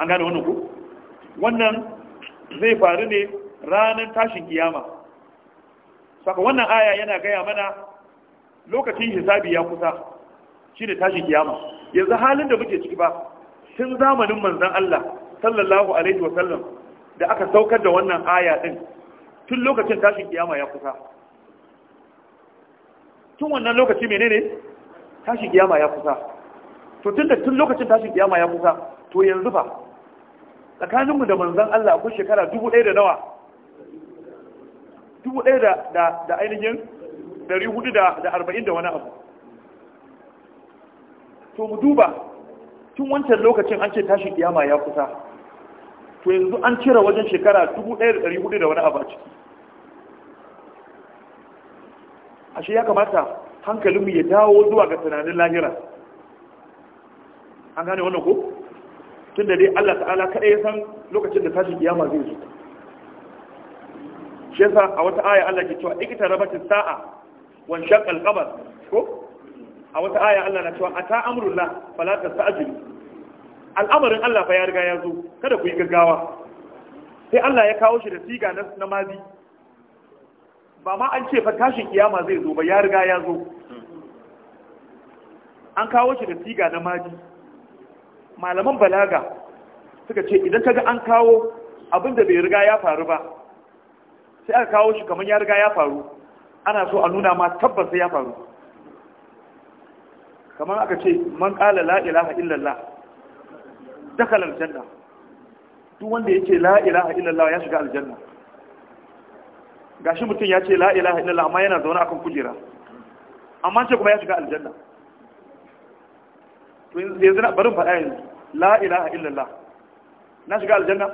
an gane wannan ku wannan zai faru ne ranar tashin kiyama saka wannan aya yana gaya mana lokacin hisabi ya kusa shi ne tashin kiyama yanzu halin da muke ciki ba tun zamanin manzan Allah sallallahu alaihi wasallam da aka saukar da wannan aya din tun lokacin tashin kiyama ya kusa tun wannan lokaci menene tashin kiyama ya kusa to tun da tun lokacin tashin kiyama ya kusa to yanzu ba tsakaninmu da manzan Allah akwai shekara dubu ɗaya da nawa dubu ɗaya da ainihin dari hudu da arba'in da wani abu to mu duba tun wancan lokacin an ce tashin kiyama ya kusa to yanzu an cire wajen shekara dubu ɗaya da dari hudu da wani abu a ciki ashe ya kamata hankalinmu ya dawo zuwa ga tunanin lahira an gane wannan ko Tun da dai Allah ta'ala kaɗai ya san lokacin da tashin kiyama zai zo shi yasa a wata aya Allah ke cewa ikita rabatin sa'a wan shaqal qabr ko a wata aya Allah na cewa ata amrullah fala tasajil al'amarin Allah fa ya riga ya zo kada ku yi gaggawa sai Allah ya kawo shi da siga na namazi mazi ba ma an ce fa tashin kiyama zai zo ba ya riga ya zo an kawo shi da siga na mazi malaman balaga suka ce idan kaga an kawo abin da bai riga ya faru ba sai aka kawo shi kamar ya riga ya faru ana so a nuna ma tabbas ya faru kamar aka ce man qala la ilaha illallah dakhala aljanna duk wanda yake la ilaha illallah ya shiga aljanna gashi mutum ya ce la ilaha illallah amma yana zaune akan kujera amma ce kuma ya shiga aljanna to yanzu bari barin faɗa yanzu la ilaha illallah na shiga aljanna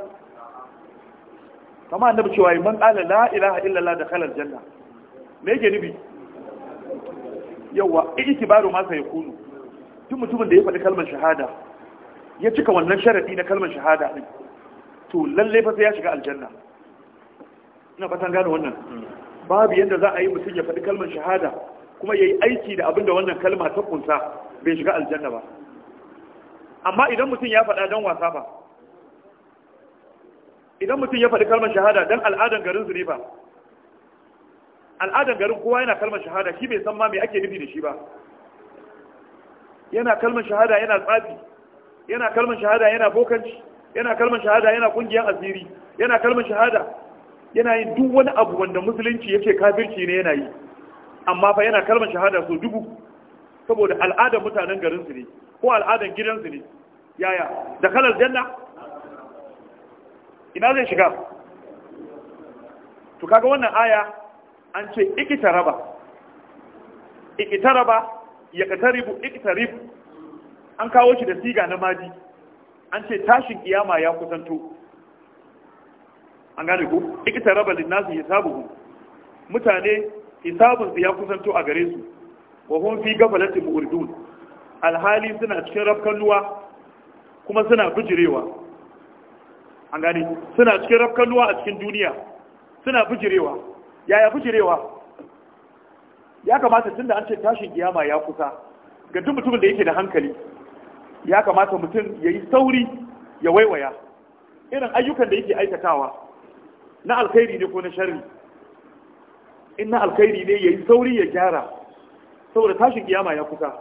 kama annabi cewa man qala la ilaha illallah da khalal janna me yake nubi yawa itibaru ma ya kunu Tun mutumin da ya faɗi kalmar shahada ya cika wannan sharadi na kalmar shahada din to lalle fa sai ya shiga aljanna ina fatan gane wannan babu yadda za a yi mutum ya faɗi kalmar shahada kuma ya yi aiki da abinda wannan kalma ta kunsa bai shiga aljanna ba amma idan mutum ya faɗa don wasa ba idan mutum ya faɗi kalmar shahada don al'adan garin zuri ba al'adan garin kowa yana kalmar shahada shi bai san ma mai ake nufi da shi ba yana kalmar shahada yana tsafi yana kalmar shahada yana bokanci yana kalmar shahada yana kungiyar asiri yana kalmar shahada yana yin duk wani abu wanda musulunci yake kafirci ne yana yi amma fa yana kalmar shahada so dubu saboda al'adar mutanen garin su ne ko al'adar gidansu ne yaya da kalar janna ina zai shiga to kaga wannan aya an ce ikitaraba ikitaraba ya kataribu ikitarib an kawo shi da siga na madi an ce tashin kiyama ya kusanto an gane ku ikitaraba sabu hisabuhu mutane hisabunsu ya kusanto a gare su wa hun fi gafalatin mu'urdun alhali suna cikin rafkan ruwa kuma suna bijirewa an gani suna cikin rafkan ruwa a cikin duniya suna bijirewa yaya bijirewa ya kamata tun da an ce tashin kiyama ya kusa ga duk mutumin da yake da hankali ya kamata mutum ya yi sauri ya waiwaya irin ayyukan da yake aikatawa na alkhairi ne ko na sharri in na alkhairi ne ya yi sauri ya gyara saboda tashin kiyama ya kusa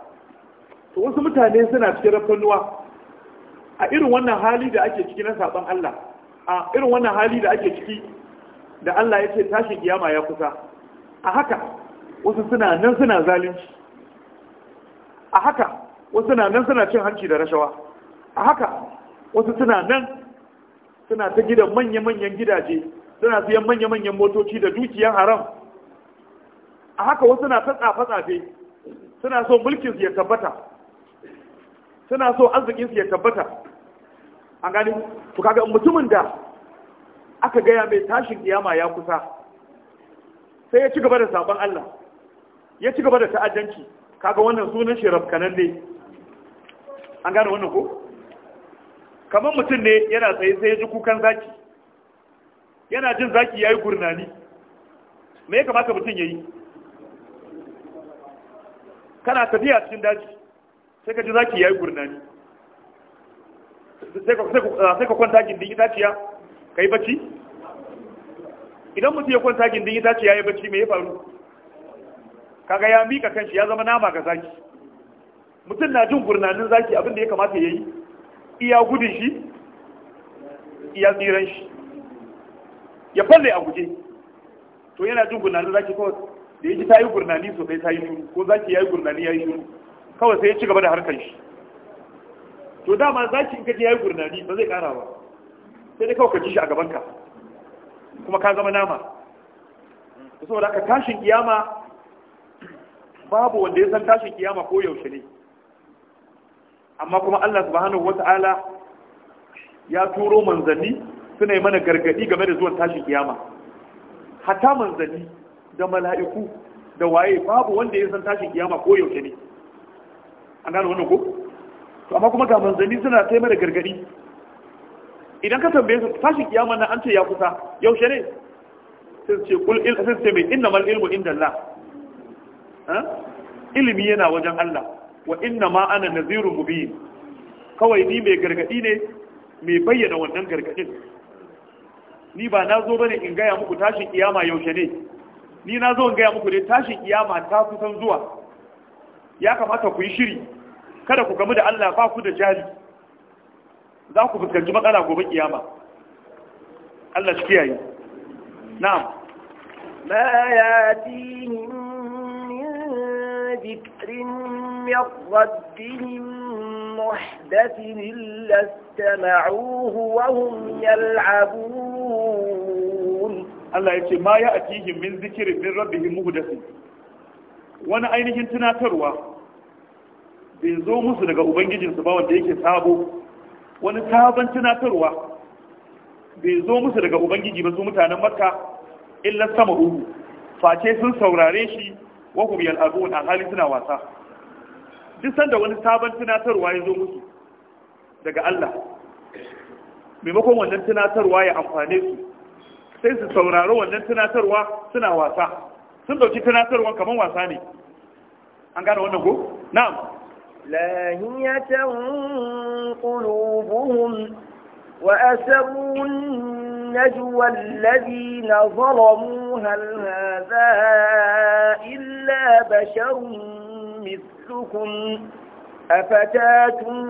to wasu mutane suna cikin rafanuwa a irin wannan hali da ake ciki na saban Allah a irin wannan hali da ake ciki da Allah ya ce tashin kiyama ya kusa a haka wasu suna nan suna zalunci a haka wasu suna nan suna cin hanci da rashawa a haka wasu suna nan suna ta gidan manya-manyan gidaje suna siyan manya-manyan motoci da dukiyar haram a haka wasu na ta tsafe-tsafe suna so mulkin ya tabbata suna so arzikin su ya tabbata an gani to kaga mutumin da aka gaya mai tashin kiyama ya kusa sai ya ci gaba da sabon Allah ya ci gaba da ta'addanci kaga wannan sunan shi rafkanan ne an gane wannan ko kamar mutum ne yana tsaye sai ya ji kukan zaki yana jin zaki yayi gurnani me ya kamata mutum yayi kana tafiya cikin daji sai ka ji zaki ya yi gurnani ah, sai ka kwanta gindin itaciya ka yi bacci idan mutum ya kwanta gindin itaciya ya yi bacci mai ya faru kaga ya mika kanshi ya zama nama ga zaki mutum na jin gurnanin zaki abinda ya kamata ya yi iya gudun shi iya tsiran shi ya falle a guje to yana jin gurnanin zaki kawai da ya ji ta yi gurnani sosai ta yi shuru ko zaki ya yi gurnani ya yi shuru kawai sai ya ci gaba da harkar shi to dama zaki in ka ya yi gurnani ba zai kara ba sai dai kawai ka ci shi a gaban ka kuma ka zama nama saboda ka tashin kiyama babu wanda ya san tashin kiyama ko yaushe ne amma kuma Allah subhanahu wata'ala ya turo manzanni suna yi mana gargadi game da zuwan tashin kiyama hatta manzanni da mala'iku da waye babu wanda ya san tashin kiyama ko yaushe ne an gano wannan ko to amma kuma ga manzanni suna sai mai gargadi idan ka tambaye su tashin kiyama nan an ce ya kusa yaushe ne sai ce kul il sai ce mai mal ilmu indallah ilimi yana wajen Allah wa inna ma ana naziru mubin kawai ni mai gargadi ne mai bayyana wannan gargadin ni ba na zo bane in gaya muku tashin kiyama yaushe ne ni na zo in gaya muku ne tashin kiyama ta kusan zuwa ya kamata ku yi shiri kada ku gamu da Allah ba ku da jari za ku fuskanci matsala gobe kiyama Allah shi kiyaye na'am ma ya yatihim min dhikrin min rabbihim muhdathin illa istama'uhu wa hum yal'abun Allah yace ma ya ya'tihim min dhikrin min rabbihim muhdathin wani ainihin tunatarwa bai zo musu daga ubangijinsu ba wanda yake sabo wani sabon tunatarwa bai zo musu daga ubangiji ba su mutanen makka illa sama uku face sun saurare shi wa kuma yal'abu a hali suna wasa duk sanda wani sabon tunatarwa ya zo musu daga Allah maimakon wannan tunatarwa ya amfane su sai su saurari wannan tunatarwa suna wasa sun dauki tunatarwa kamar wasa ne an gane wannan ko na'am lahiyatan qulubuhum wa asabun najwa alladhina zalamu hal hadha illa basharun mithlukum أفتاتون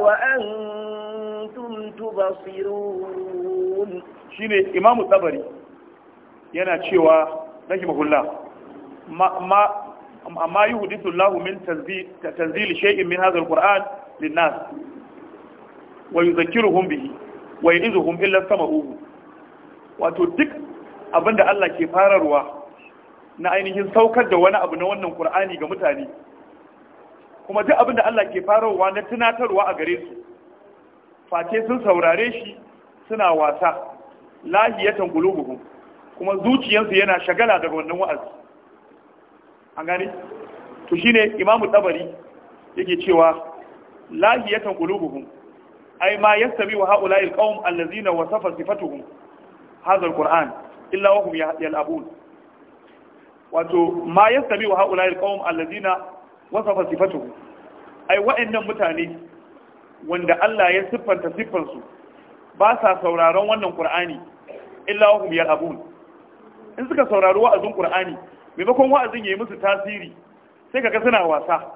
wa antum تبصرون shine imamu tabari yana cewa rahimahullah ma amma yuhdithu Allah min tanzil shay'in min hadha al-Qur'an lin-nas wa yuzakkiruhum bihi wa yu'izuhum sama sama'uhu wato duk abinda Allah ke fararwa na ainihin saukar da wani abu na wannan Kur'ani ga mutane kuma duk abinda Allah ke fararwa na tunatarwa a gare su face sun saurare shi suna wasa lahiyatan qulubuhum kuma zuciyarsu yana shagala daga wannan wa'azi an gani? to shi shine imamu tabari yake cewa lahiyatan qulubuhum ai ma ya sami wa haula'i alqawm allazina wasafa sifatuhum hadha alquran illa wa hum yal'abun wato ma ya sami wa haula'i alqawm allazina wasafa sifatuhum ai wa'annan mutane wanda Allah ya siffanta siffansu ba sa sauraron wannan Qur'ani illa hum yal'abun in suka saurari wa'azin ƙur'ani maimakon wa'azin ya yi musu tasiri sai ga suna wasa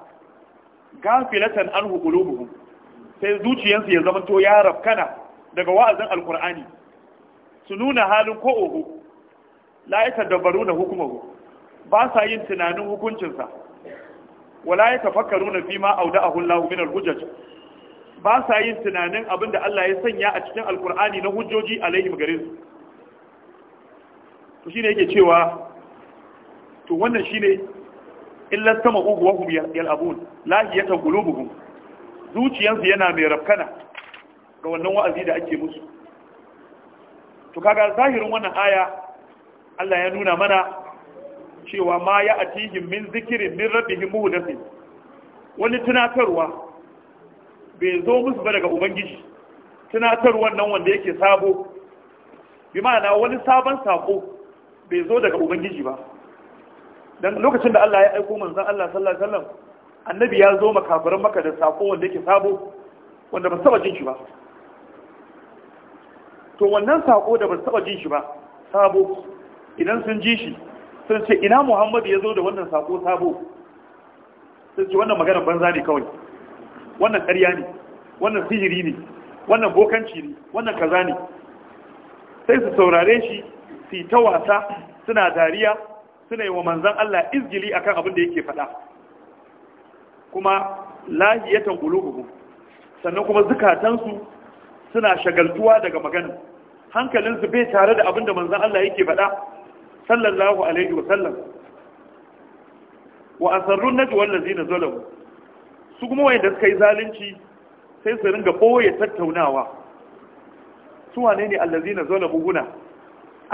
gafilatan hukulu buhu sai zuciyarsu ya zama to ya rafkana daga wa'azin alqur'ani su nuna halin ko oho dabaru na hukumahu ba sa yin tunanin hukuncinsa wala ya tafakkaru na fi ma auda a hullahu min alhujjaj ba sa yin tunanin abin Allah ya sanya a cikin alkur'ani na hujjoji alaihim gare su to shine yake cewa to wannan shine illa sama ugu wahum yal'abun lahiyatan qulubuhum zuciyansu yana mai rafkana ga wannan wa'azi da ake musu to kaga zahirin wannan aya Allah ya nuna mana cewa ma ya atihim min zikirin min rabbihim muhdathin wani tunatarwa bai zo musu ba daga ubangiji tunatarwan nan wanda yake sabo bi ma'ana wani sabon sako bai zo daga ubangiji ba dan lokacin da Allah ya aiko manzon Allah sallallahu alaihi wasallam annabi ya zo makafiran maka da sako wanda yake sabo wanda ba saba jin shi ba to wannan sako da ba saba jin shi ba sabo idan sun ji shi sun ce ina Muhammad ya zo da wannan sako sabo sun ce wannan magana banza ne kawai wannan ƙarya ne wannan sihiri ne wannan bokanci ne wannan kaza ne sai su saurare shi su ta wasa suna dariya suna yi wa manzan Allah izgili a kan abin da yake faɗa kuma lahiyatan qulubuhum sannan kuma zukatansu suna shagaltuwa daga magana hankalinsu bai tare da abin da manzan Allah yake faɗa sallallahu alaihi wasallam wa asarrun najwa allazina zolabu, su kuma wayan da suka yi zalunci sai su ringa ɓoye tattaunawa su wane ne allazina zolabu huna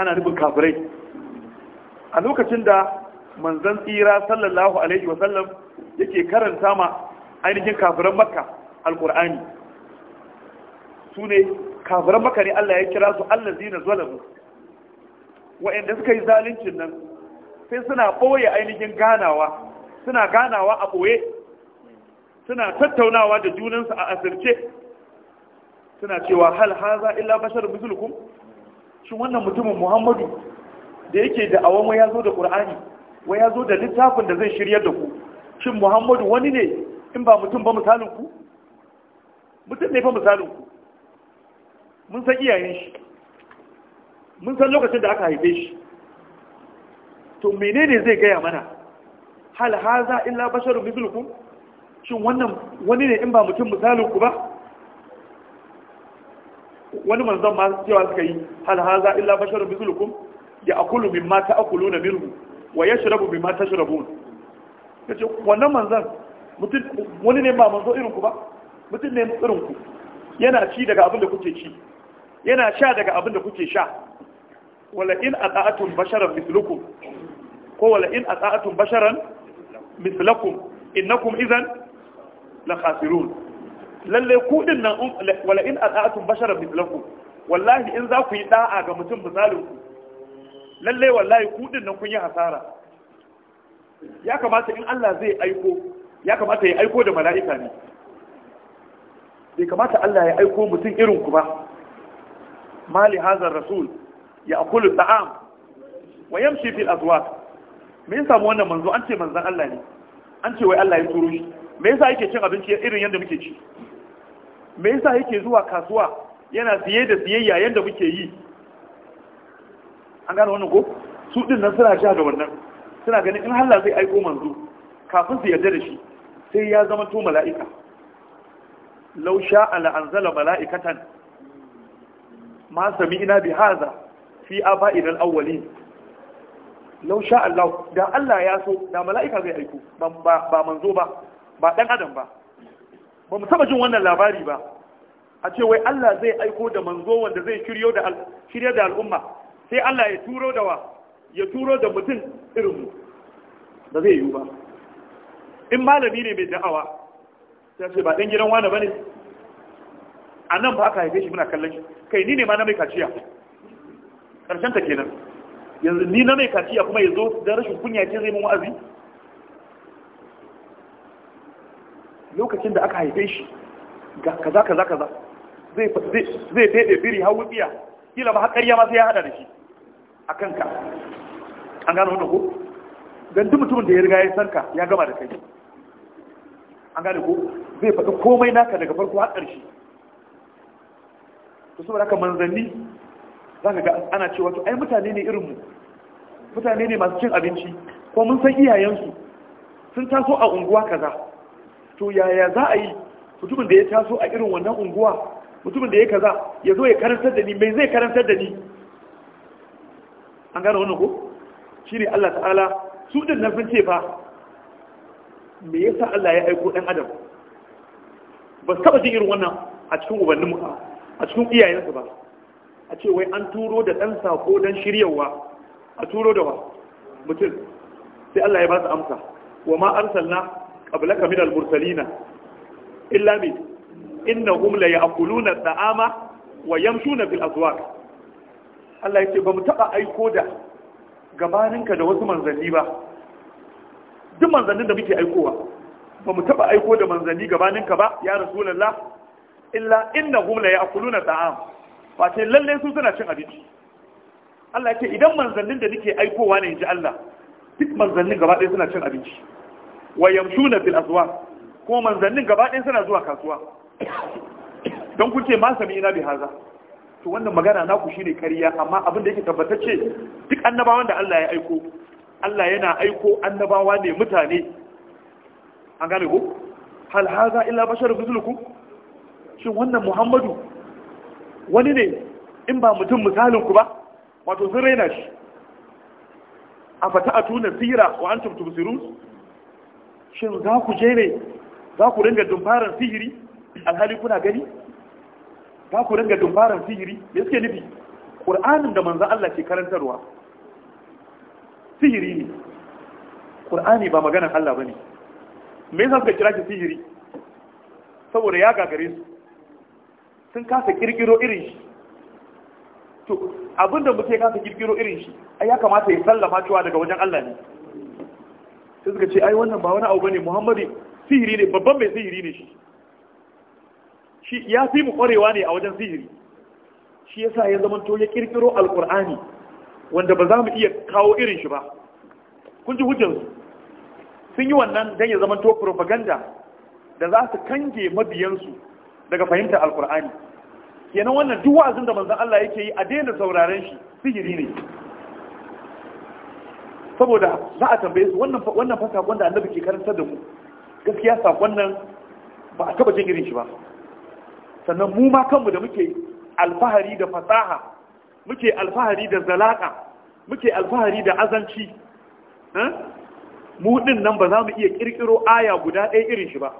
ana nufin kafirai a lokacin da manzan tsira sallallahu alaihi wasallam yake karanta ma ainihin kafiran makka alkur'ani su ne kafiran makka ne allah ya kira su allah zina zalamu wa'anda suka yi zaluncin nan sai suna ɓoye ainihin ganawa suna ganawa a ɓoye suna tattaunawa da junansu a asirce suna cewa hal haza illa bashar musulku. shi wannan mutumin muhammadu da yake da awon wai ya zo da ƙur'ani wa ya zo da littafin da zai shiryar da ku shin muhammadu wani ne in ba mutum ba misalin ku mutum ne ba misalin ku mun san iyayen shi mun san lokacin da aka haife shi to menene zai gaya mana hal haza illa basharu mithlukum shin wannan wani ne in ba mutum misalin ku ba wani manzon ma cewa suka yi hal haza illa basharun mislukum ya akulu mimma ta'kuluna minhu wa yashrabu mimma tashrabun kace wannan manzon mutum wani ne ba manzo irin ku ba mutum ne irin ku yana ci daga abin da kuke ci yana sha daga abin da kuke sha wala in ata'atum basharan mislukum ko wala in ata'atum basharan mislakum innakum idan la khasirun lalle ku din nan wala in ata'atum basharan mithlakum wallahi in za ku yi da'a ga mutum misalin ku lalle wallahi ku din nan kun yi hasara ya kamata in Allah zai aiko ya kamata ya aiko da mala'ika ne bai kamata Allah ya aiko mutum irin ku ba mali hazar rasul ya akulu ta'am wa yamshi fil azwaq me yasa mu wannan manzo an ce manzon Allah ne an ce wai Allah ya turo shi me yasa yake cin abinci irin yadda muke ci me yasa yake zuwa kasuwa yana siye da siyayya yadda muke yi an gane wannan ko su din nan suna sha da wannan suna ganin in Allah zai aiko manzo kafin su yarda da shi sai ya zama to mala'ika law sha'a la anzala mala'ikatan ma sami'na bi hadha fi aba'il al-awwalin law sha'a Allah da Allah ya so da mala'ika zai aiko ba ba manzo ba ba dan adam ba ba mu taba jin wannan labari ba a ce wai Allah zai aiko da manzo wanda zai shiryo da shirya da al'umma sai Allah ya turo da wa ya turo da mutum irin mu ba zai yiwu ba in malami ne mai da'awa sai ce ba dan gidan wani bane a nan ba aka haife shi muna kallon shi kai ni ne ma na mai kaciya karshen ta kenan yanzu ni na mai kaciya kuma ya zo da rashin kunya ce zai mun wa'azi lokacin da aka haife shi ga kaza kaza kaza zai zai da biri har wutsiya kila ba har ma sai ya hada da shi a ka. an gano wannan ko dan duk mutumin da ya riga ya san ka ya gama da kai an gane ko zai faɗi komai naka daga farko har ƙarshe to saboda haka manzanni za ka ga ana cewa to ai mutane ne irin mu." mutane ne masu cin abinci ko mun san iyayensu sun taso a unguwa kaza to yaya za a yi mutumin da ya taso a irin wannan unguwa mutumin da ya kaza ya zo ya karantar da ni mai zai karantar da ni an gane wannan ko shi ne Allah ta'ala su din na sun ce fa me yasa Allah ya aiko ɗan adam ba su taɓa jin irin wannan a cikin ubanninmu a cikin iyayensu ba a ce wai an turo da ɗan sako don shiryawa a turo da wa mutum sai Allah ya ba su amsa wa ma arsalna qablaka min al-mursalina illa min innahum la ya'kuluna at-ta'ama wa yamshuna fil aswaq Allah yake ba mu taba aiko da gabaninka da wasu manzanni ba duk manzannin da muke aikowa ba mu taba aiko da manzanni gabaninka ba ya rasulullah illa innahum la ya'kuluna ta'am fa suna cin abinci Allah idan manzannin da nake aikowa ne ji Allah duk manzannin gaba ɗaya suna cin abinci wa yamshuna fil kuma manzannin gaba ɗaya suna zuwa kasuwa don kun ce ma sami ina bi haza to wannan magana naku shine kariya amma abin da yake tabbatacce duk annabawan da Allah ya aiko Allah yana aiko annabawa ne mutane an gane ko hal haza illa basharun mithlukum shin wannan Muhammadu wani ne in ba mutum misalin ku ba wato sun raina shi a fata atuna sira wa antum tubsirun shin za ku je ne za ku ringa dumfarar sihiri alhali kuna gani za ku ringa dumfarar sihiri me suke nufi ƙur'anin da manzan Allah ke karantarwa sihiri ne ƙur'ani ba maganar Allah ba ne me su ga kira shi sihiri saboda ya gagare su sun kasa kirkiro irin shi to abinda mutum ya kasa kirkiro irin shi ai ya kamata ya sallama cewa daga wajen Allah ne sai suka ce ai wannan ba wani abu bane muhammadu sihiri ne babban mai sihiri ne shi shi ya fi mu kwarewa ne a wajen sihiri shi yasa ya zama to ya kirkiro alkur'ani wanda ba za mu iya kawo irin shi ba kun ji hujjansu sun yi wannan don ya zama to propaganda da za su kange mabiyansu daga fahimtar alkur'ani kenan wannan duk wa'azin da manzon Allah yake yi a daina sauraren shi sihiri ne saboda za a tambaye su wannan fasa wanda annabi ke karantar da mu gaskiya sakon nan ba a taba jin irin shi ba sannan mu ma kanmu da muke alfahari da fasaha muke alfahari da zalaka muke alfahari da azanci eh? mu din nan ba za mu iya kirkiro aya guda ɗaya irin shi ba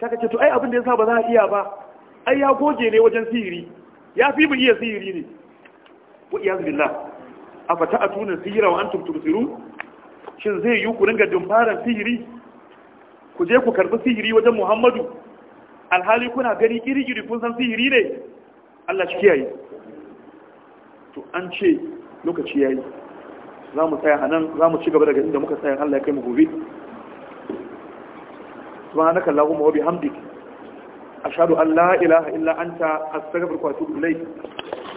ta ce to ai abin da sa ba za a iya ba ai ya goge ne wajen sihiri ya fi mu iya sihiri ne wa iyazu billah afata atuna sihira wa antum tubsirun shin zai yi ku ringa dumfaran sihiri ku je ku karbi sihiri wajen Muhammadu alhali kuna gani iri-iri kun san sihiri ne Allah shi kiyaye to an ce lokaci yayi za mu tsaya anan za mu ci gaba daga inda muka tsaya Allah ya kai mu gobe subhanaka allahumma wa bihamdika ashhadu an la ilaha illa anta astaghfiruka wa atubu ilayk